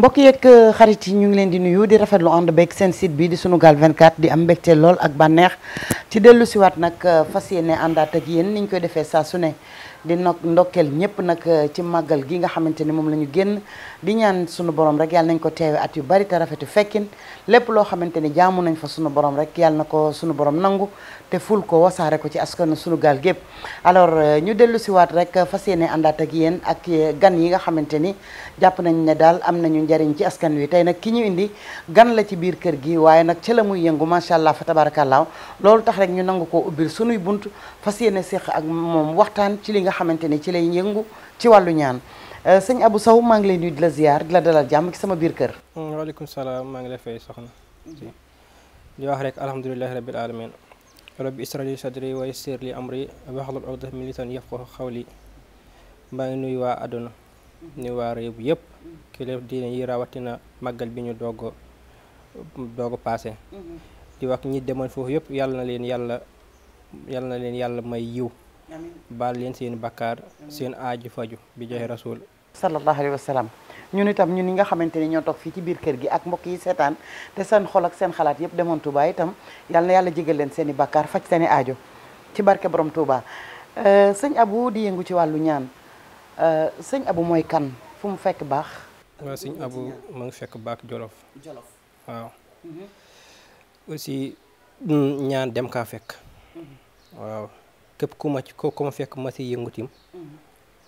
mbokk yeeg euh, xarit yi ñu ngi leen di nuyu di rafetlu ànd beeg seen site bi di Sunugal 24 di am mbégte lool ak bànneex ci dellu siwaat nag euh, fas yéene àndaat ak yéen ni koy defee saa sune di no ndokkeel ñëpp nag euh, ci màggal gi nga xamante ni moom la ñu génn di ñaan sunu borom rek yàlla nañ ko teewe at yu bari te rafetu fekkin lépp loo xamante ni jaamu nañ fa sunu borom rek yàlla na ko sunu borom nangu te ful ko wasaare ko ci askanu sunu gaal gépp alors euh, ñu dellu si waat rek euh, fas yéene àndaat ak yéen ak euh, gan yi nga xamante ni jàpp nañ ne daal am nañu njariñ ci askan wi tey nag ki ñu indi gan la ci biir kër gi waaye nag ca la muy yëngu macha allah fa tabarakallaaw loolu tax rek ñu nangu ko ubbil sunuy bunt fas yéene séq ak moom waxtaan ci li nga xamante ni ci lay yëngu ci wàllu ñaan sëñ abu saw maa ngi lay nuyu di la ziar di la dalal jàmm ci sama biir kër. Hmm, waaleykum maa ngi lay fay soxna. di wax rek alhamdulilah rabbi ishrah li sadri wa yassir li amri wahlul uqdatan min lisani yafqahu qawli maa ngi nuyu waa àdduna nuyu waa réew yëpp kilif diine yi rawatina màggal bi ñu doog doog paase di wax ñi demoon foofu yëpp yàlla na leen yàlla yàlla na leen yàlla may yiw baal leen seen bakkaar seen aaju faju bi joxe rasul sallallahu alayhi wa sallam ñun itam ñun ñi nga xamante ni ñoo toog fii ci biir kër gi ak mbokk yi seetaan te seen xol ak seen xalaat yëpp demoon Touba itam yal na yàlla jégal leen seen i bàkkaar faj seen i ci barke borom Touba euh, sëñ Abu di yëngu ci wàllu ñaan euh, sëñ Abu mooy kan fu mu fekk baax. waaw sëñ Abu ma ngi fekk baax Jolof. Jolof waaw. Mhm. aussi ñaan dem kaa fekk. Mhm. waaw képp ku ma ko ku fekk ma si yëngutim mhm.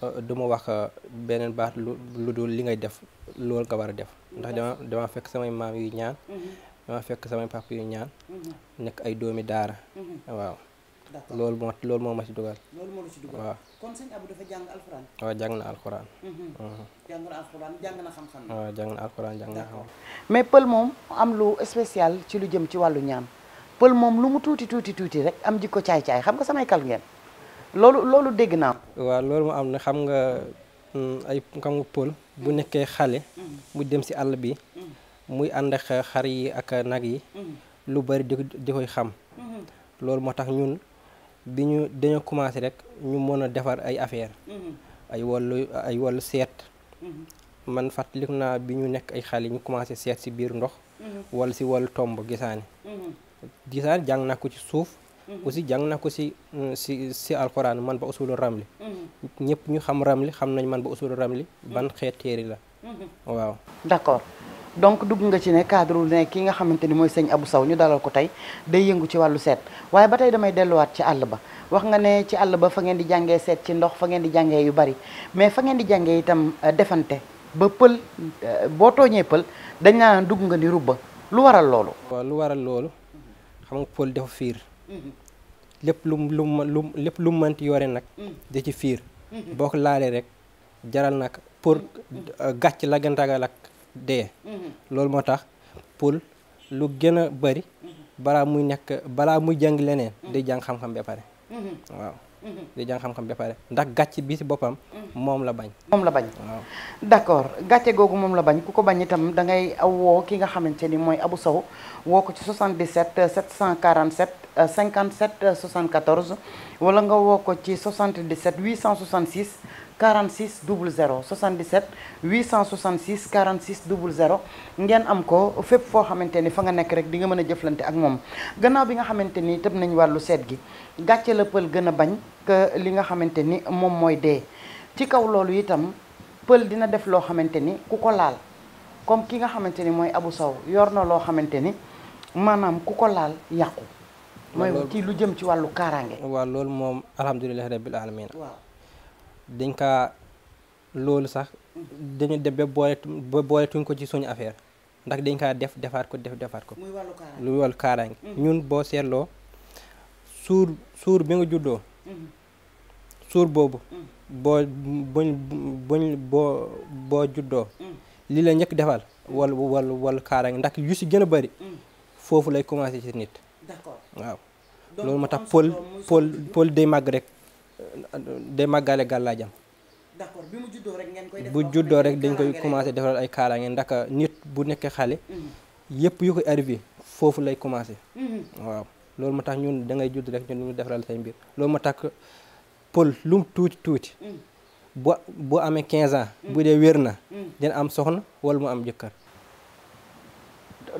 Euh, du ma wax euh, beneen baat lu lu dul li ngay def lool nga war a def ndax dama dama fekk samay maam yu ñaan mm-hmm. dama fekk samay papa yu ñaan mm-hmm. nekk ay doomi daara mm-hmm. waaw loolu moo loolu moo ma ci dugal loolu moo la waaw jàng na alxuraan jàng na alxuraan jàng na mais pël moom am lu spécial ci lu jëm ci wàllu ñaan pël moom lu mu tuuti tuuti tuuti rek am jikko caay-caay xam nga samay kal ngeen loolu loolu dégg naa ko. waaw loolu mu am na xam nga mm, ay xam nga pël bu nekkee xale. mu mm. dem si àll bi. Mm. muy ànd xar yi ak nag yi. lu bari di koy xam. Mm-hmm. loolu moo tax ñun bi ñu dañoo commencé rek ñu mën a defar ay affaire mm-hmm. ay wàllu ay wàllu seet. Mm-hmm. man fàttaliku naa bi ñu nekk ay xale ñu commencé seet si biir ndox. wala si wàllu tomb gisaani. gisaani jàng naa ko ci suuf. aussi jàng na ko si mm, si si alxuraan man ba usulu ramli mm-hmm. ñëpp ñu xam ramli xam nañ man ba usulu ramli mm-hmm. ban xeet téere la mm-hmm. waaw d'accord donc dugg nga ci ne cadre lu ne ki nga xamante ni mooy sëñ abu saw ñu dalal ko tey day yëngu ci wàllu seet waaye ba tey damay delluwaat ci àll ba wax nga ne ci àll ba fa ngeen di jàngee seet ci ndox fa ngeen di jàngee yu bari mais fa ngeen di jàngee tam euh, defante ba pël euh, boo tooñee pël dañ naan dugg nga ni rubba lu waral loolu. waaw lépp lum lum lum lépp lum mënti yore nag. Mm. da ci fiir. Mm-hmm. boo ko laalee rek jaral nag pour mm-hmm. euh, gàcc la gën ragal ak dee. Mm-hmm. loolu moo tax pour lu gën a bari balaa muy nekk balaa muy jàng leneen. day jàng xam-xam ba pare waaw. di jàng xam-xam ba pare ndax gàcce bi si boppam moom la bañ moom la bañ waaw d'accord gàcce googu moom la bañ ku ko bañ itam da ngay woo ki nga xamante ni mooy abu saw woo ko ci 77 747 57 74 wala nga woo ko ci 77 866 46 00 77 866 46 00 ngeen am ko fépp foo xamante ni fa nga nekk rek di nga mën a jëflante ak moom gannaaw bi nga xamante ni tëb nañ wàllu seet gi gàcce la pël gën a bañ que li nga xamante ni moom mooy dee ci kaw loolu itam pël dina def loo xamante ni ku ko laal comme ki nga xamante ni mooy Abu Saw yor na loo xamante ni maanaam ku ko laal yàqu mooy ci lu jëm ci wàllu kaaraange waa loolu moom alhamdulilahi rabbil alamin waaw dañ kaa loolu sax dañu dem ba boole tuñ ko ci suñu affaire ndax dañ kaa def defaat ko def defaat ko. muy wàllu kaaraange muy wàllu kaaraange mm-hmm. ñun boo seetloo suur suur bi nga juddoo. Mm-hmm. suur boobu. Mm-hmm. boo boo boo juddoo. lii la njëkk defal wàllu wàllu wàllu kaaraange ndax yu si gën a bëri. foofu lay commencé ci nit. d'accord waaw. loolu moo tax pôle pôle pôle day màgg rek. day màggaale gàllaajam d'accord bi mu juddoo rek ngeen koy def bu juddoo rek dañ koy commencé defaral ay kaalaange ndax nit bu nekkee xale mhm. yëpp yu koy arrivé foofu lay commencé mhm. waaw loolu ma tax ñun da ngay judd rek ñun ñu defaral say mbir loolu ma tax pël lum tuuti tuuti mhm. bu amee quinze ans bu dee wér na dina am soxna wala mu am jëkkër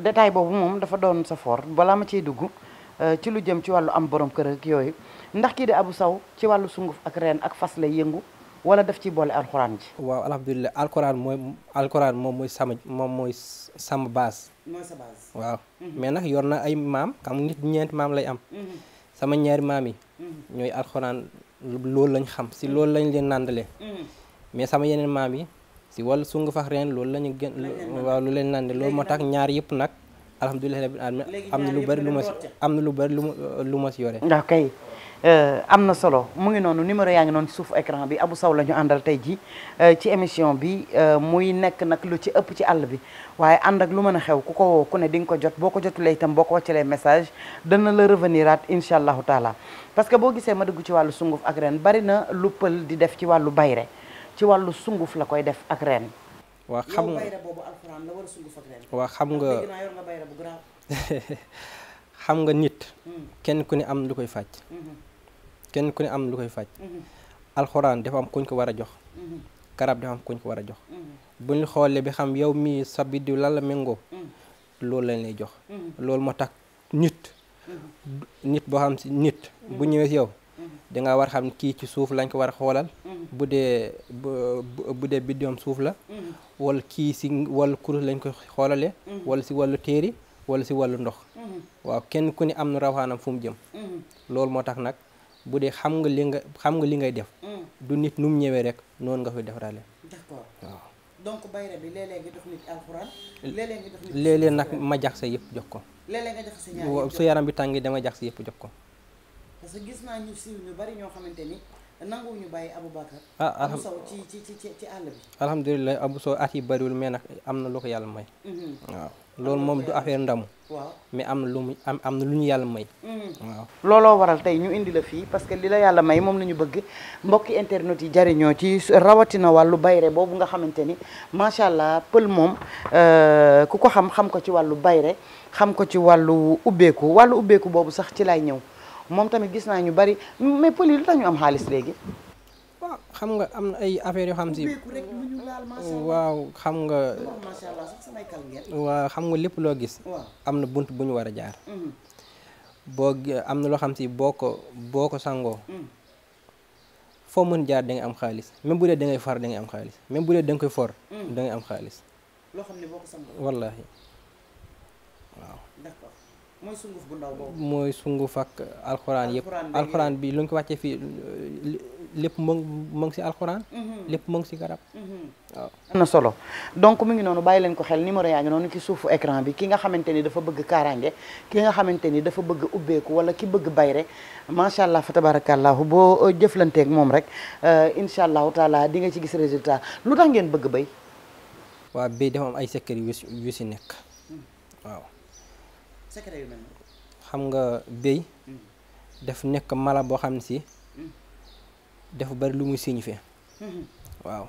détail boobu moom dafa doon sa for balaa ma ciy dugg euh, ci lu jëm ci wàllu am borom kër ak yooyu ndax kii de abu saw ci wàllu sunguf ak reen ak fas lay yëngu wala daf ci boole alxuraan ji. waaw alhamdulilah alxuraan mooy alxuraan moom mooy sama moom mooy sama base. waaw. Mhm. mais nag yor na ay maam xam nit ñeent maam lay am. Mhm. sama ñaari maam yi. Mhm. ñooy alxuraan loolu lañ xam si loolu lañ leen nàndalee. mais sama yeneen maam yi si wàllu sungu fax reen loolu la ñu gën. waaw lu leen nandale loolu moo tax ñaar yëpp nag. alhamdulilah am na lu bari lu ma si am na lu bari lu ma si yore. Euh, am na solo mu ngi noonu numéro yaa ngi noonu suuf suufu écran bi abu saw la ñu àndal tey jii euh, ci émission bi euh, muy nekk nag lu ci ëpp ci àll bi waaye ànd ak lu mën a xew ku ko woo ku ne di nga ko jot boo ko jotulee itam boo ko wàccalee message dana la revenir at incha allahu taala parce que boo gisee ma dugg ci wàllu sunguf ak ren bari na lu pël di def ci wàllu bayre ci wàllu sunguf la koy def ak ren. waa xam nga boobu ak ren. waa xam nga bayre bu grand nga nit. Hmm. kenn ku ne am lu koy fàcc. kenn ku ne am lu koy faj mhm. alxuraan dafa kuñ ko war a jox mhm. garab dafa kuñ ko war a jox mhm. bu ñu xoolee bi xam yow mii sa biddiw lan la méngoo loolu lañ lay jox loolu moo tax nit nit boo xam si nit bu ñëwee si yow danga war xam kii ci suuf lañ ko war a xoolal bu dee bu dee biddiwam suuf la wala kii si wàllu kurus lañ ko xoolale wala si wàllu téeri wala si wàllu ndox waaw kenn ku ne am na rawaanam fu mu jëm loolu moo tax nag bu dee xam nga li nga xam nga li ngay def. Mm. du nit nu mu ñëwee rek noonu nga koy def d'accord waaw. donc bayra bi léeg-léeg nga jox nit alxuraan. léeg-léeg nag ma jax sa yëpp jox ko. léeg-léeg nga jox sa su yaram bi tàng dama jax sa yëpp jox ko. parce que gis naa ñu siiw ñu bari ñoo xamante ni nanguwuñu bàyyi Aboubacar. ah alham Abou Sow ci ci ci ci àll bi. alhamdulilah Abou Sow at yi bariwul mais nag am na lu ko yàlla may. Mm-hmm. loolu moom du affaire ndamu. mais am na lu mu am am na lu ñu yàlla may. Mm-hmm. waaw looloo waral tey ñu indi la fii parce que li la yàlla may moom la ñu bëgg mbokki internet yi jariñoo ci rawatina wàllu bayre boobu nga xamante ni macha allah pël moom euh, ku ko xam xam ko ci wàllu bayre xam ko ci wàllu ubbeeku wàllu ubbeeku boobu sax ci lay ñëw moom tamit gis naa ñu bari mais pël yi lu tax ñu am xaalis léegi. waaw xam nga am na ay affaire yoo xam si waaw xam nga waaw xam nga lépp loo gis am na bunt bu ñu war a jaar mm-hmm. boo am na loo xam si boo ko boo ko sangoo mm. foo mën jaar da ngay am xaalis même bu dee da ngay far da ngay am xaalis même bu dee da koy for mm. dangay am xaalis loo xam ne boo wallaahi waaw mooy sunguf bu ndaw boobu mooy sunguf ak alxuraan yëpp alxuraan bi lu ñu ko wàccee fii lépp mu mu ngi si alxuraan. Mhm. lépp mu ngi si garab. Mhm. waaw na solo donc mu ngi noonu bàyyi leen ko xel numéro yaa ngi noonu ci suufu écran bi ki nga xamante ni dafa bëgg kaaraange ki nga xamante ni dafa bëgg ubbeeku wala ki bëgg bayre macha allah fa tabarakallahu boo euh, jëflanteeg moom rek euh, incha allahu taala di nga ci gis résultat lu tax ngeen bëgg bay. waaw bay dafa am ay secret yu si yu secret yu xam nga béy mm. def nekk mala boo xam ne si mm. dafa bari lu muy signifié mm-hmm. waaw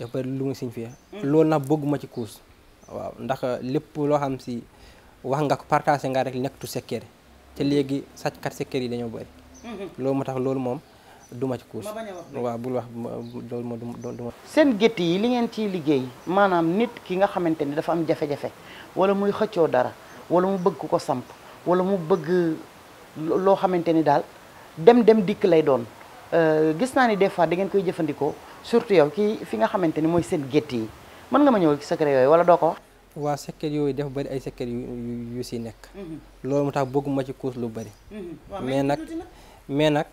dafa bari lu mm. loolu nag bëgguma ci kuus waaw ndax lépp loo xam si wax nga ko partagé nga rek nekk tu secret te mm-hmm. léegi sàcckat secret yi dañoo bari mm-hmm. loolu moo tax loolu moom duma ci kuus waaw bul wax loolu ma duma seen gétt yi li ngeen ciy liggéey maanaam nit ki nga xamante ni dafa am jafe-jafe wala muy xëccoo dara wala mu bëgg ku ko samp wala mu bëgg loo xamante ni daal dem dem dikk lay doon euh, gis naa ni des fois da koy jëfandikoo surtout yow kii fi nga xamante ni mooy seen gétt yi mën nga ma ñëw secret yooyu wala doo ko wax waa secret yooyu def bëri ay secret yu si nekk mhm. loolu moo tax bëgguma ci course lu bari mhm. mais nag mais nag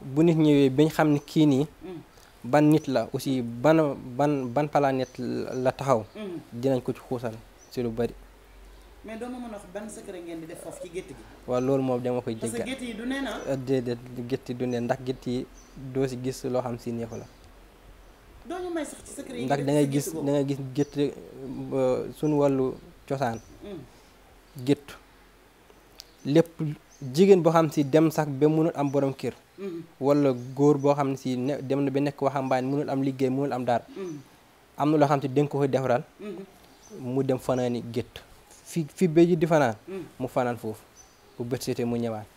bu nit ñëwee bañ xam ne kii nii mhm. ban nit la aussi ban ban ban planète la taxaw dinañ ko ci xuusal si lu bari mais doo ma mën a wax waaw loolu moom dama koy. jéggal parce du neen ah. Euh, déedéet gétt yi ndax gétt yi doo ci gis loo xam si neexu la. doo ñu ndax da gis da gis gétt euh, suñu wàllu cosaan. Hmm. gétt lépp jigéen boo xam si dem sax ba mënul am boroom kër. Hmm. walla góor boo xam si ne dem na ba nekk waxambaane mënul am liggéey mënul am dara. Hmm. am na loo xam si dañ ko koy defaral. mu dem fanaani gétt. fi fi béji di fanaan mm. mu fanaan foofu bu bët mu ñëwaat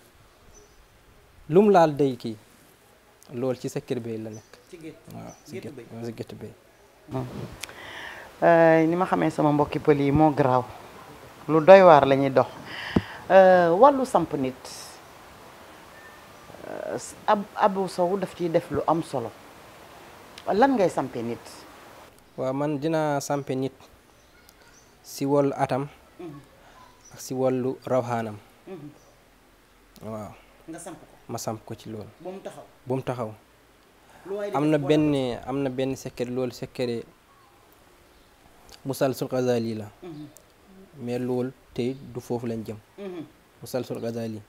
lum laal day kii loolu ci sa kër béy la nekk mm. euh, ni ma xamee sama mbokki pël yi moo garaaw lu doy waar la dox euh, wàllu samp nit euh, ab Abou Sow daf ci def lu am solo lan ngay sampe nit waaw man dina sampe nit si wàllu atam ak si wallu rawxaanam mm-hmm. ko ma samp ko ci loolu ba taxaw am na benn am na benn secret loolu secret musalsul Ghazali la mm-hmm. mais loolu tey du foofu lañ jëm mm-hmm. musalsul Ghazali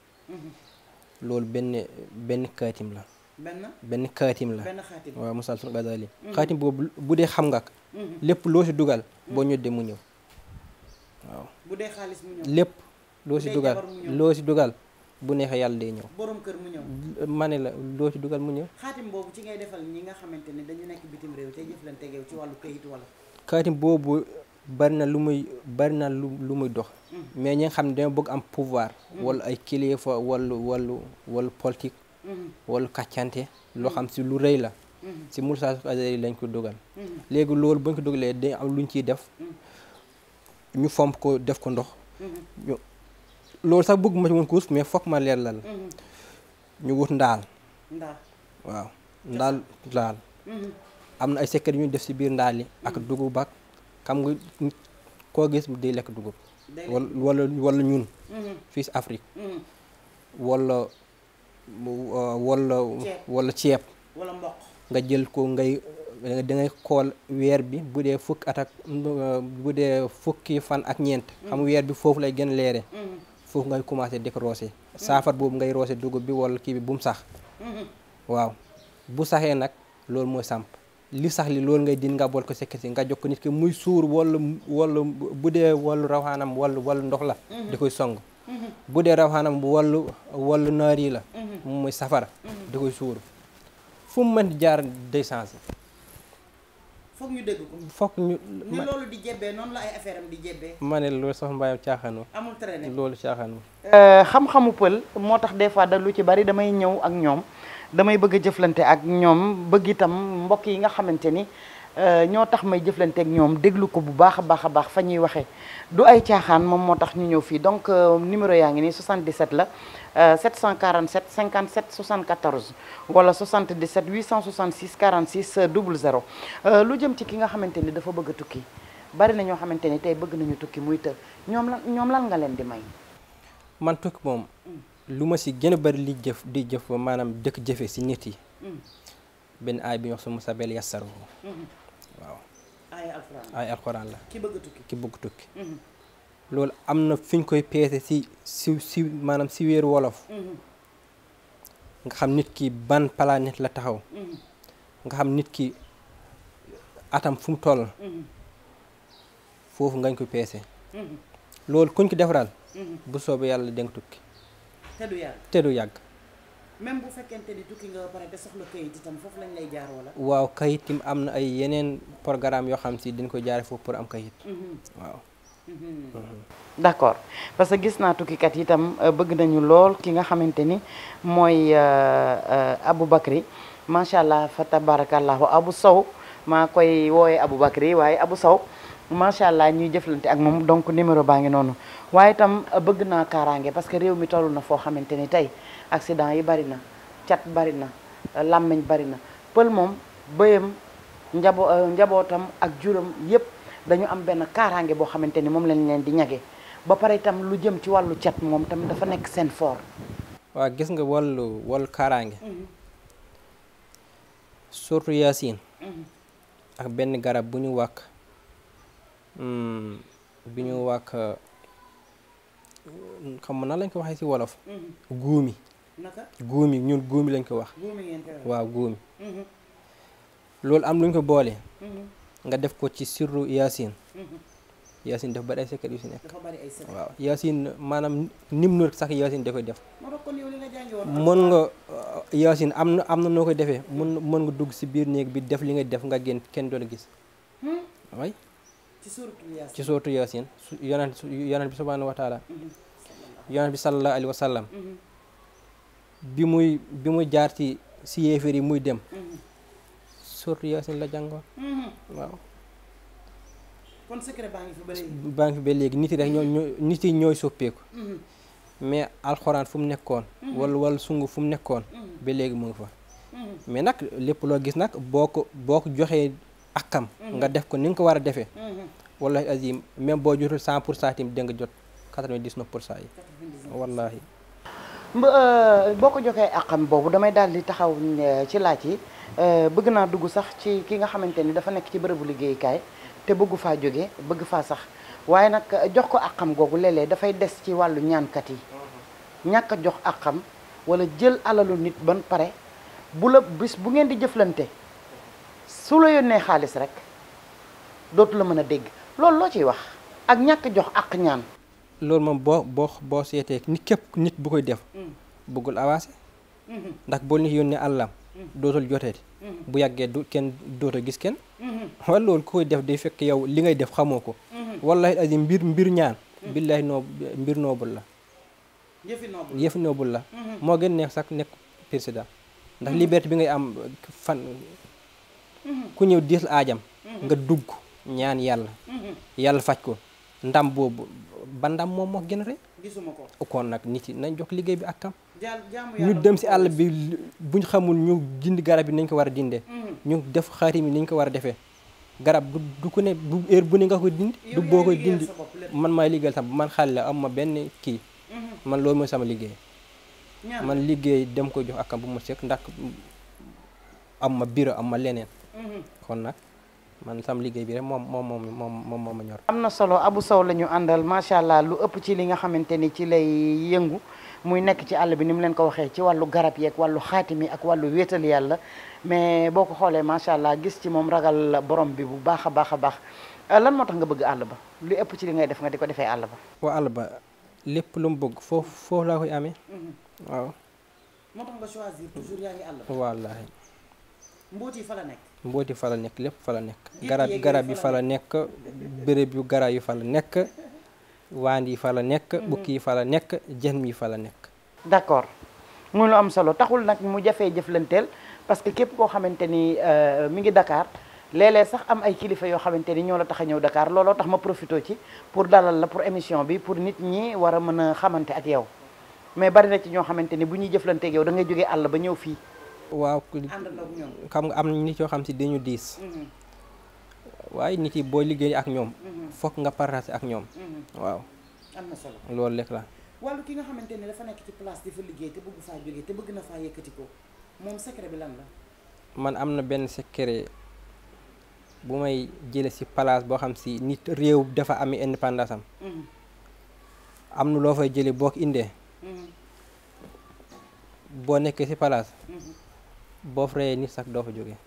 loolu benn benn kaatim la benn kaatim la waaw musalsul Ghazali kaatim boobu bu dee xam nga lépp loo si dugal boo ñoddee mu ñëw waaw bu dee xaalis lépp loo si dugal loo si dugal bu neexee yàlla day ñëw. borom kër mu ma ne la loo ci dugal mu ñëw. xaatim boobu ci ngay defal ñi nga xamante ne dañu nekk bitim réew tey jëflante yow ci wàllu këyit wala. xaatim boobu bari na lu muy bari na lu lu muy dox. Mm. mais ñi xam ne dañoo bëgg am pouvoir. Mm. wala ay kilifa wala wala wala politique. Mm. wala kàccante loo xam si lu rëy la. si Moussa Azali lañ ko dugal. léegi loolu buñ ko dugalee day am luñ ciy def. ñu fomp ko def ko ndox loolu sax bëgg ma ci woon kuus mais foog ma leer la mhm. ñu wut ndaal ndaal waaw ndaal ndaal mhm. am na ay secret ñu def ci biir ndaal yi ak mhm. dugub ak xam nga koo gis di lekk dugub wala walla ñun fii si Afrique wala wala uh, wala ceeb wala mboq nga jël ko ngay Euh, da ngay xool weer bi bu dee fukki at bu dee fukki fan ak ñeent mm-hmm. xam weer bi foofu lay gën leere mm-hmm. foofu ngay commencé di roose mm-hmm. saafar boobu ngay roose dugub bi wala kii bi bu mu sax waaw bu saxee nag loolu mooy samp li sax li loolu ngay din nga bool ko sekk si nga jox ko nit ki muy suur wala wala bu dee wàllu rawaanam wala wàllu ndox la di koy song bu dee rawaanam wàllu wàllu naar yi la muy safara di koy suur fu mu mën jaar day changé foog ñu dégg ko. foog ñu ni loolu di jebbee noonu la ay affaire di jebbee. ma ne loolu sax mbaayam caaxaanu. amul traîner loolu caaxaanu. Euh, xam-xamu pël moo tax des fois da lu ci bari damay ñëw ak ñoom damay bëgg a jëflante ak ñoom bëgg itam mbokk yi nga xamante ni euh, ñoo tax may jëflante ak ñoom déglu ko bu baax a baax a baax fa ñuy waxee. du ay caaxaan moom moo tax ñu ñëw fii donc euh, numéro yaa ngi nii 77 la 747 57 74 wala 77 866 46 00 lu jëm ci ki nga xamante ni dafa bëgg tukki bari na ñoo xamante ni tey bëgg nañu tukki muy të ñoom lan ñoom lan nga leen di may. man tukki moom lu ma si gën a bari li jëf di jëf maanaam dëkk jëfe si nit yi. Mm. benn aay bi ñu wax su mu sabeel yassaru mm-hmm. ay alxuraan la ki bëgg tukki mhm. loolu am na fi ñu koy peese si si si maanaam si wéeru wolof mhm. nga xam nit ki ban planète la taxaw mhm. nga xam nit ki atam fu mu toll foofu ngañ ko peese loolu kuñ ko defaraal bu soobee yàlla danga tukki même bu fekkente ni tukki nga lay jaar waaw kayit itam am na ay yeneen programme yoo xam si dañ ko jaare foofu pour am kayit. Mhm. waaw. Mhm. Mhm. d' accord parce que gis naa tukkikat yi itam euh, bëgg nañu lool ki nga xamante ni mooy abu euh, euh, Aboubacry macha allah fa tabarakallahu Abou Sow maa koy woowee Aboubacry waaye abu saw macha allah ñuy jëflante ak moom donc numéro baa ngi noonu waaye itam euh, bëgg naa kaaraange parce que réew mi toll na foo xamante ni tey accident yi bari na cat bari na euh, làmmiñ bari na pël moom bëyam njabo euh, njabootam ak juram yépp dañu am benn kaaraange boo xamante ni moom lañ leen di ñage ba pare itam lu jëm ci wàllu cat moom tamit dafa nekk seen foor waaw gis nga wàllu wàllu kaaraange. Mhm. surtout yaasin. Mhm. ak benn garab bu ñu wàkk. Mm. bi ñu wàkk mm, xam na nan lañ ko waxee si wolof. Mm-hmm. guumi. naka guumi ñun guumi lañ ko wax. koy wax waaw guumi. Mm-hmm. loolu am luñ ko boole. Mm-hmm. nga def ko ci sirru yaasin. yaasin dafa bari ay secret yu si nekk. waaw yaasin maanaam nim nu sax yaasin da koy def. mën nga uh, yaasin am na am na noo koy defee mën mën nga dugg si biir néeg bi def li nga def nga génn kenn doon gis. Hmm? way ci suuratu yaasin yonent yonent bi subhaanahu wa taala mhm. yonent bi sallallahu alayhi mhm. bi muy bi mu jaar ci si yéeféer yi muy dem mhm. suuratu yaasin la jàngoon waaw kon secret baa ngi fi ba léegi nit yi ñooy soppeeku mais alxuraan fu mu nekkoon wal wala sungu fu mu nekkoon ba léegi mu ngi fa mais nag lépp loo gis nag boo ko boo ko joxee akam nga def ko ni nga ko war a defee mhm. wallahi azim même boo jotul cent pour cent tamit da nga jot quatre-vingt-dix-neuf pour cent yi wallahi euh, boo ko joxee akam boobu damay daal di taxaw euh, ci laaj yi euh, bëgg naa dugg sax ci ki nga xamante ni dafa nekk ci bërëbu liggéeykaay te bëggu faa jóge bëgg faa sax waaye nag jox ko akam googu léeg dafay des ci wàllu ñaankat yi mhm. ñàkk jox akam wala jël alalu nit ban pare bu la bis bu ngeen di jëflante su la yónnee xaalis rek dootu la mën a dégg loolu loo ciy wax ak ñàkk jox ak ñaan. loolu moom boo boo boo seetee ni képp nit bu koy def. Mm. bëggul avancé. Mm-hmm. ndax boo nit yónnee àllam. Mm. dootul joteeti. Mm-hmm. bu yàggee du kenn dootoo gis kenn. Mm-hmm. wala loolu ku koy def day fekk yow li ngay def xamoo ko. wallahi asi mbir mbir ñaan. Mm. billahi noobu mbir noobul la. yëfi noobul la yëfi noobul la. moo gën neex sax nekk président. ndax liberté bi ngay am fan. ku ñëw diis aajam nga dugg ñaan yàlla yàlla faj ko ndam boobu ba ndam moom moo gën a rëy gisuma ko kon nag nit yi nañ jox liggéey bi ak kam ñu dem si àll bi buñ xamul ñu dindi garab yi nañ ko war a dindee mhm. ñu def xaatim yi nañ ko war a defee garab du du ko ne bu heure bu ne nga ko dindi du boo koy dindi man maay liggéeyal sama man xale la am ma benn kii mhm. man loolu mooy sama liggéey man liggéey dem koy jox akam bu ma sekk ndax am ma biro am ma leneen kon nag man sam liggéey bi rek moom moom moom moom moom ma ñor. am na solo Abou Sow la ñu àndal macha allah lu ëpp ci li nga xamante ni ci lay yëngu muy nekk ci àll bi ni mu leen ko waxee ci wàllu garab yeeg wàllu xaatim yi ak wàllu wéetal yàlla mais boo ko xoolee macha allah gis ci moom ragal borom bi bu baax a baax a baax euh, lan moo tax nga bëgg àll ba lu ëpp ci li ngay def nga di ko defee àll ba. waaw àll ba lépp lu mu bëgg foofu foofu laa koy amee. Mm-hmm. waaw. moo tax nga choisir toujours yaa ngi àll ba. wallaahi. mbooti fa la nekk. mbooti fa la nekk lépp fa la nekk garab garab yi fa la nekk bërëb yu garab yi fa la nekk waan yi fa la nekk mhm. bukki yi fa la nekk jën yi fa la nekk d'accord muy lu am solo taxul nag mu jafee jëflanteel parce que képp koo xamante ni euh, mi ngi Dakar léeg-léeg sax am ay kilifa yoo xamante ni ñoo la tax a ñëw dakaar looloo tax ma profité ci pour dalal la pour émission bi pour nit ñi war a mën a xamante ak yow mais bari na ci ñoo xamante ni bu ñuy jëflanteeg yow da ngay jógee àll ba ñëw fii waaw xam nga am nit yoo xam si dañu mm-hmm. waaye nit yi boo liggéey ak ñoom mm-hmm. fokk nga partager ak ñoom mm-hmm. waaw am na la wàllu ki nga bëgg faa jógee te ko moom secret bi lan la man am na benn secret bu may jële si place boo xam si nit réew dafa ami indépendance am am na loo fay jële boo indee boo nekkee si place boo fa reyee nit sax doo fa jógee.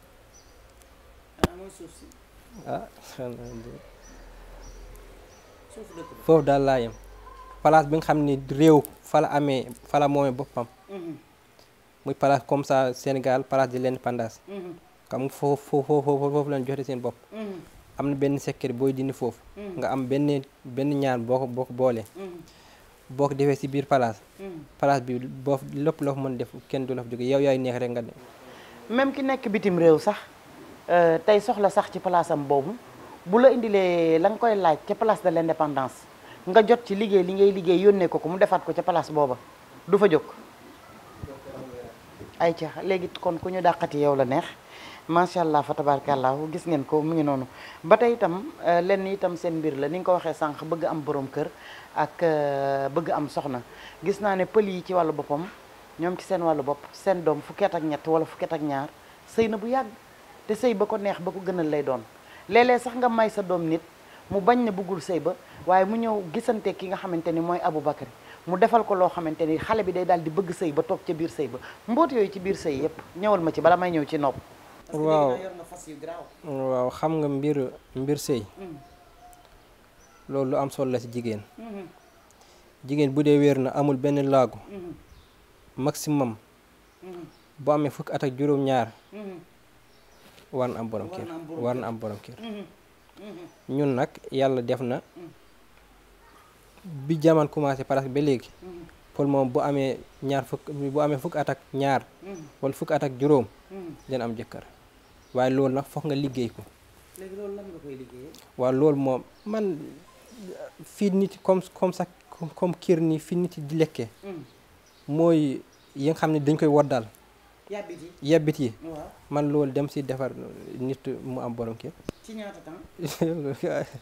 Ah, ah, foofu daal laa yem bi nga xam ni réew fala amee fala moomee boppam. Mm-hmm. muy place comme sa Sénégal place de l'indépendance. Mm-hmm. xam nga foofu foofu foofu lañ joxe seen bopp. Mm-hmm. am na benn secret booy dindi foofu. nga am benn benn ñaan boo ko ko boolee. boo ko defee ci biir place. place bi boo lépp loo mën def kenn du la fa jóge yow yaay neex rek nga dem. même ki nekk bitim réew sax euh, tey soxla sax ci place boobu bu la indilee la nga koy laaj ca place de l'indépendance nga jot ci liggéey li ngay liggéey yónnee ko ko mu defaat ko ca place booba du fa jóg. ay ca léegi kon ku ñu dàqati yow la neex macha allah fa tabaarkàllaa gis ngeen ko mu ngi noonu ba tey itam euh, lenn itam seen mbir la ni nga ko waxee sànq bëgg am borom kër ak euh, bëgg am soxna gis naa ne pël yi ci wàllu boppam. ñoom ci seen wàllu bopp seen doom fukkeet ak ñett wala fukkeet ak ñaar sëy na bu yàgg te sëy ba ko neex ba ko gënal lay doon léeg sax nga may sa doom nit mu bañ ne bëggul sëy ba waaye mu ñëw gisante ki nga xamante ni mooy Abu Bakar mu defal ko loo xamante ni xale bi day daal di bëgg sëy ba toog ca biir sëy ba mboot yooyu ci biir sëy yépp ñëwal ma ci bala may ñëw ci nopp waaw waaw xam nga mbir mbir sëy mm. loolu lu am solo la ci jigéen mm-hmm. jigéen bu dee wér amul benn laagu mm-hmm. maximum bu amee fukki at ak juróom-ñaar war na am borom kër war am borom kër ñun nag yàlla def na bi jaman commencé presque ba léegi Paul moom bu amee ñaar fukk bu amee fukki at ñaar wala fukki at ak juróom dina am jëkkër waaye loolu nag foog nga liggéey ko léegi loolu moom man fii nit comme comme sax comme kër nii fi nit di lekkee mooy yi nga xam ne dañ koy waddal yàbbit yi yàbbit yi man loolu dem si defar nit mu am borom kër ci ñaata temps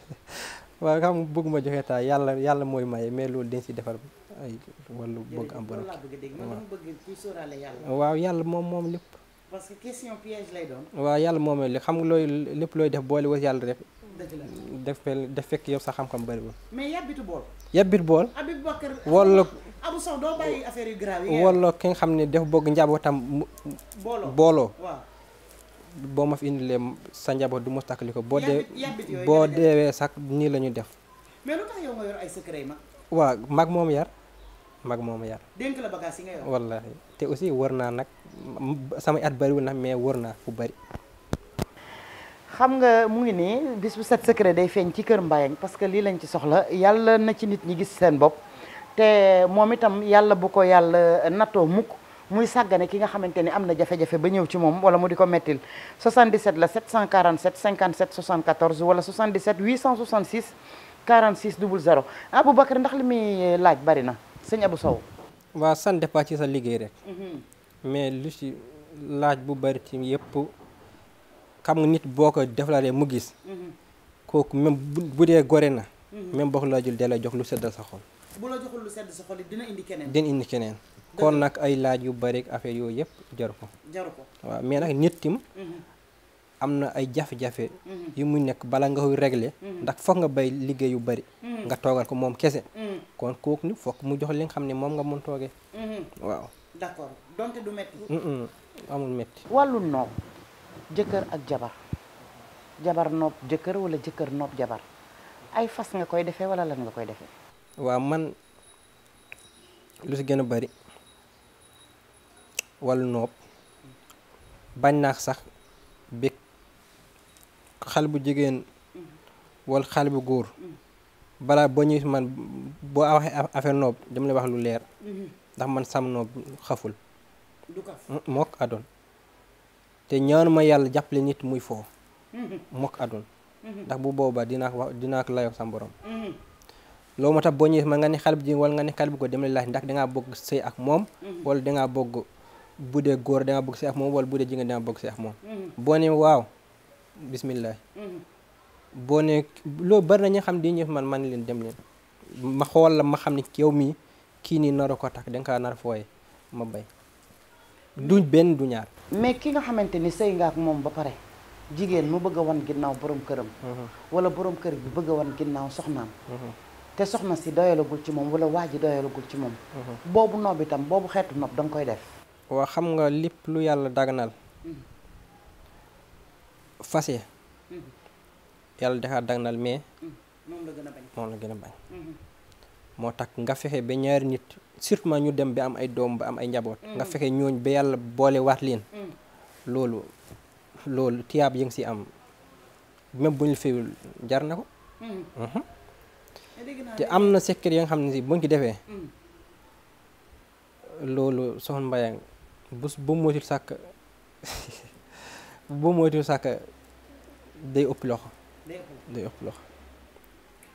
waaw xam nga bëgg ma joxe taa yàlla yàlla mooy maye mais loolu dañ si defar ay wàllu bëgg am borom kër waaw yàlla moom moom lépp parce que question piège lay doon waaw yàlla moom li xam nga looy lépp looy def boole was yàlla def def def fekk yow sa xam-xam bëriwul mais bool yàbbit Abou Sow doo bàyyi yu grave yi. wala ki nga xam ne daf bëgg njabootam mu. booloo booloo. waaw boo ma fi indilee sa njaboot du mos takkali ko boo dee deewee sax nii la ñu def. mais lu tax mag. moom yar mag moom yar. dénk la te aussi wër naa nag sama at bariwu nag mais wër naa fu bari. xam nga mu ngi nii bis bu set secret day feeñ ci kër Mbayang parce que lii lañ ci soxla yàlla na ci nit ñi gis seen bopp. te moom itam yàlla bu ko yàlla nattoo mukk muy sàggane ki nga xamante ni am na jafe-jafe ba ñëw ci moom walla mu di ko mettil 77 la 747 57 74 wala 77 866 46 00 Aboubacar ndax li muy laaj bari na sëñ Abou Sow waa san départ ci sa liggéey rek mhm. laaj bu bari ci yëpp xam nga nit boo ko deflaree mu gis mhm. kooku même bu dee gore na mhm. même boo ko jul dee la jox lu seddal sa xol bu la joxul lu sedd sa xol dina indi keneen. kon nag ay laaj yu bari ak affaire yooyu yëpp jaru ko. jaru waaw mais nag nit mhm. am na ay jafe-jafe. Mhm. yu muy nekk bala nga koy régler. Mhm. ndax foog nga bay liggéey yu bari. nga toogal ko moom kese. kon kooku ni foog mu jox li nga xam ne moom nga mun toogee. waaw d'accord donte amul metti. wàllu noob jëkkër ak jabar jabar noob jëkkër wala jëkkër noob jabar ay fas nga koy defee wala lan nga koy defee. waaw man lu si gën a bari wal noob bañ naax sax bég xale bu jigéen wala xale bu góor balaa ba ñuy man boo waxee affaire noob dama lay wax lu leer ndax man sam noob xaful mm, mook adoon te ñaanu ma yàlla jàppale nit muy foo mm-hmm. mook adoon mm-hmm. ndax bu boobaa dinaa ko wax dinaa ko layoo sam loolu moo tax boo ñëwee ma nga ne xale bu jigéen wala nga ne xale bu góor dama lay laaj ndax dangaa bëgg sëy ak moom mm-hmm. wala dangaa bëgg bu dee góor dangaa bëgg sëy ak moom wala bu dee jigéen dangaa bëgg sëy ak mm-hmm. boo ne waaw bisimilah mm-hmm. boo ne loolu bari na xam di ñëw man man leen dem leen ma xool la ma xam ne yow mii kii nii naru ko tax danga kaa nar fooye ma bay du benn du ñaar mais ki nga xamante ni sëy nga ak moom ba pare jigéen mu bëgg a wan ginnaaw borom këram wala borom kër bi bëgg wan ginnaaw te soxna si doyalagul ci moom wala waa ji doyalagul ci moom. Mhm. boobu noob itam boobu xeetu noob danga koy def. waa xam nga lépp lu yàlla daganal. Mhm. fase mhm. yàlla dafa daganal mais. moom la gën a la gën a bañ. moo tax nga fexe ba ñaari nit surtout ñu dem ba am ay doom ba am ay njaboot. nga fexe ñooñ ba yàlla boole waat leen. loolu loolu tiyaab yi nga si am même bu ñu jar na ko. te am na secret yi nga xam ne si buñ ci defee loolu soxna Mbayang bu bu moytul sàkk bu moytul sàkk day ëpp loxo day ëpp loxo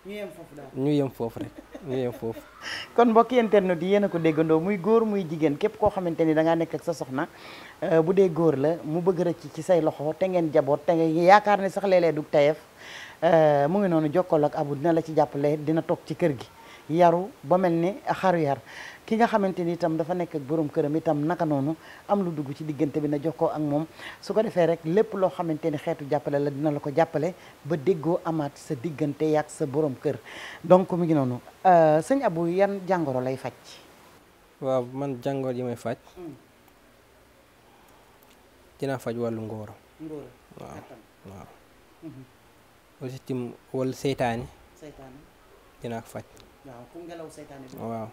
ñu yem foofu daal ñu yem foofu kon ñu yem foofu. kon yi yéen a ko déggandoo muy góor muy jigéen képp koo xamante ni da ngaa nekk ak sa soxna euh, bu dee góor la mu bëgg rëcc ci say loxo te ngeen jaboot te yaakaar ne sax léeg-léeg du tayef Euh, mu ngi noonu jokkoo ak Abu dina la ci jàppale dina toog ci kër gi yaru ba mel ni xaru yar ki nga xamante ni itam dafa nekk ak borom këram itam naka noonu am lu dugg ci diggante bi na jokkoo ak moom su ko defee rek lépp loo xamante ni xeetu jàppale la dina la ko jàppale ba déggoo amaat sa diggante yaak sa boroom kër donc mu ngi noonu euh, sëñ Abu yan jàngoro lay faj. waaw man jàngoor yi may faj. Hmm. dinaa faj wàllu ngóor. waaw. Hmm. wala tim wala seytaane dina ko faj waaw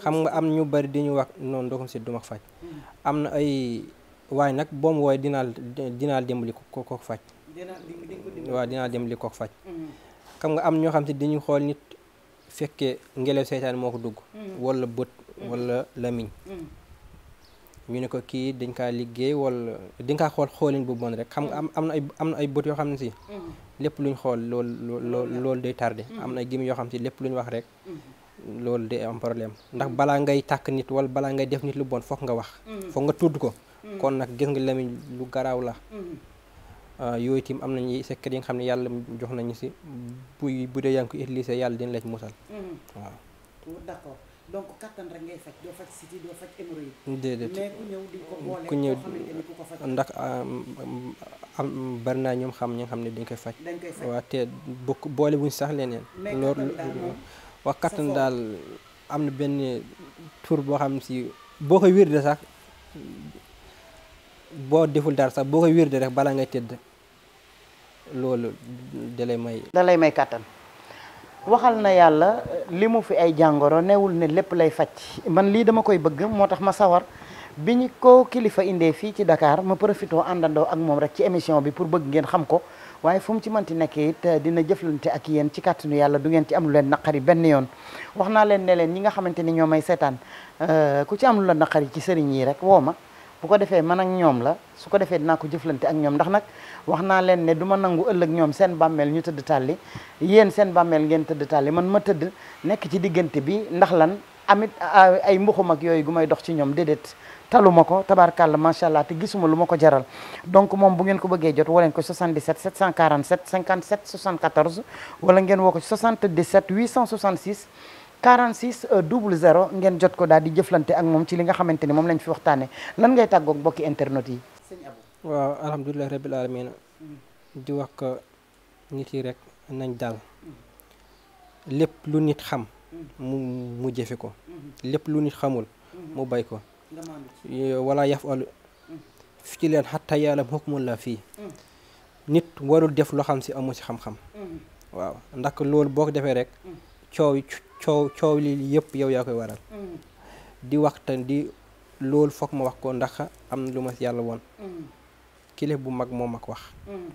xam nga am ñu bari di ñu wax noonu ndoxum si duma faj hmm. am na ay waaye nag boom wooy dinaal dinaal dimbali ko ko faj waaw dinaal dimbali ko faj xam nga am ñoo xam si dañu xool nit fekkee ngelaw seytaane moo ko dugg hmm. wala bët hmm. wala lamiñ ñu ne ko kii dañ kaa liggéey wala dañ kaa xool xoolin bu bon rek xam nga am am na ay am na ay bët yoo xam ne si mm-hmm. lépp luñ xool lool lool loolu day tardé mm-hmm. am na ay gémmiñ yoo xam si lépp luñ wax rek mm-hmm. loolu de am problème ndax balaa ngay tàkk nit wala balaa ngay def nit lu bon foog nga wax foog nga tudd ko kon nag gis nga lamiñ lu garaaw la ah, yooyu tiim am nañu secret yi nga xam ne yàlla jox nañu si buy bu dee yaa ngi ko yàlla dina la ci musal waaw donc kattan rek ngay faj doo ku ñëw ndax ah, am bari ñoom xam ñi xam ne dañ koy faj. dañ bokk boole buñ sax leneen. loolu wax kattan daal am na benn tur boo xam si boo koy wirde sax boo deful daal sax boo koy wirde rek balaa ngay tëdd loolu dalay may. dalay may kattan. waxal na yàlla li mu fi ay jàngoro newul ne lépp lay faj man lii dama koy bëgg moo tax ma sawar bi ñu ko kilifa indee fii ci Dakar ma profité àndandoo ak moom rek ci émission bi pour bëgg ngeen xam ko waaye fu mu ci mënti nekk it dina jëflante ak yéen ci kàttanu yàlla du ngeen ci am lu leen naqari benn yoon wax naa leen ne leen ñi nga xamante ni ñoo may seetaan euh, ku ci am lu la naqari ci sëriñ yi rek woo ma bu ko defee man ñoom la su ko defee dinaa ko jëflante ak ñoom ndax nag wax naa leen ne duma ma nangu ëllëg ñoom seen bàmmeel ñu tëdd tàlli yéen seen bàmmeel ngeen tëdd tàlli man ma tëdd nekk ci diggante bi ndax lan amit ay mbuxum yooyu gu dox ci ñoom déedéet taluma ko tabarkàlla macha allah te gisuma lu ko jaral donc moom bu ngeen ko bëggee jot wala ngeen ko 77 747 57 74 wala ngeen woo ko 77 866 46 00 euh, ngeen jot ko daal di jëflante ak moom ci li nga xamante ni moom lañ fi waxtaanee lan ngay tàggoog mbokki internet yi. waaw alhamdulilah rabil aalamiina mm. di wax ko nit yi rek nañ dal lépp lu nit xam. Mm. mu mu jëfe ko. Mm-hmm. lépp lu nit xamul. Mm-hmm. mu bay ko. wala yaf al mm. ci leen xatta yàlla xukmun la fii. nit warul def loo xam si amu si xam-xam. Mm-hmm. waaw ndax loolu boo defee rek coow coow coow lii yëpp yow yaa koy waral mm. di waxtaan di loolu foog ma wax ko ndax am na lu ma yàlla woon mm. kilif bu mag moom mag wax mm.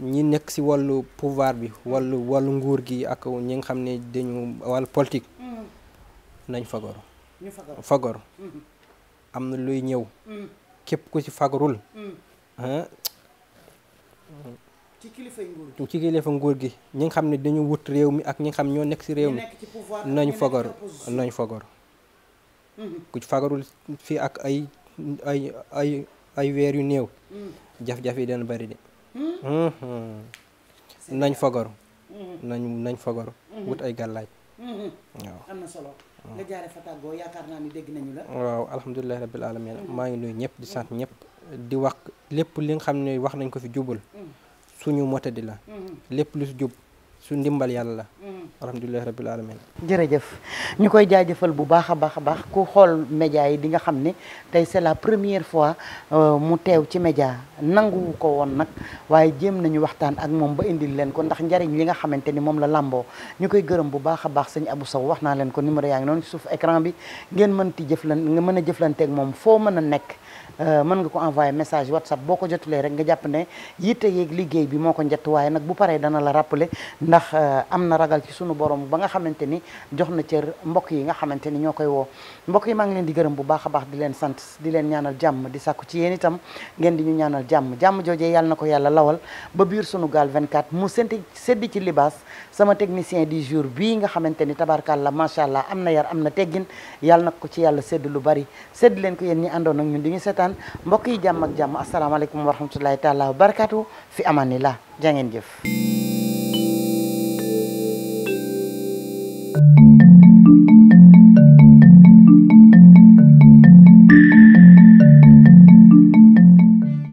ñi nekk ci wàllu pouvoir bi wàllu wàllu nguur gi ak ñi nga xam ne dañu wàllu politique nañ fagaru mm-hmm. am na luy ñëw képp ku ci fagarul ah. ci kilifa nguur gi ci gi ñi nga xam ne dañu wut réew mi ak ñi xam ñoo nekk ci réew mi nañu fagaru nañu fagaru mhm. ku ci fagarul fii ak ay ay ay weer yu néew mhm. jafe-jafe yi dana bëri de nañ fagaru nañ nañ fagaru wut ay gàllaaj mhm. waaw am na solo maa ngi nuyu ñëpp di sant ñëpp di wax lépp li nga xam ne wax nañ ko fi jubul suñu motadi la mm-hmm. lépp lu si jub su ndimbal yàlla la mm-hmm. alhamdulilah rabbil alamin jërëjëf ñu koy jaajëfal bu baax a baax a baax ku xool média yi di nga xam ne tey c'est la première fois euh, mu teew ci média nanguwu ko woon nag waaye jéem nañu waxtaan ak moom ba indil leen kon ndax njariñ li nga xamante ni moom la làmboo ñu koy gërëm bu baax a baax sañ Abou saw wax naa leen ko numéro yaa ngi noonu ci suuf écran bi ngeen mën ti jëflan nga mën a jëflanteek moom foo mën a nekk Euh, mën nga ko envoyé message whatsapp boo ko jotulee rek nga jàpp ne yitte yeeg liggéey bi moo ko njett waaye nag bu paree dana la rappeler ndax euh, am na ragal ci sunu borom ba nga xamante ni jox na cër mbokk yi nga xamante ni ñoo koy woo mbokk yi maa ngi leen di gërëm bu baax a baax di leen sant di leen ñaanal jàmm di sàkku ci yéen itam ngeen di ñu ñaanal jàmm jàmm joojee yàlla na ko yàlla lawal ba biir sunu gaal 24 mu senti seddi ci libaas sama technicien du jour bii nga xamante ni tabarkàlla macha allah am na yar am na teggin yàlla na ko ci yàlla sédd lu bari sédd leen ko yéen ñi àndoon ak ñun di ñu seetaan mbokk yi jàmm ak jàmm asalaamaaleykum wa rahmatullahi taala wa barakaatu fi amanillah jaa ngeen jëf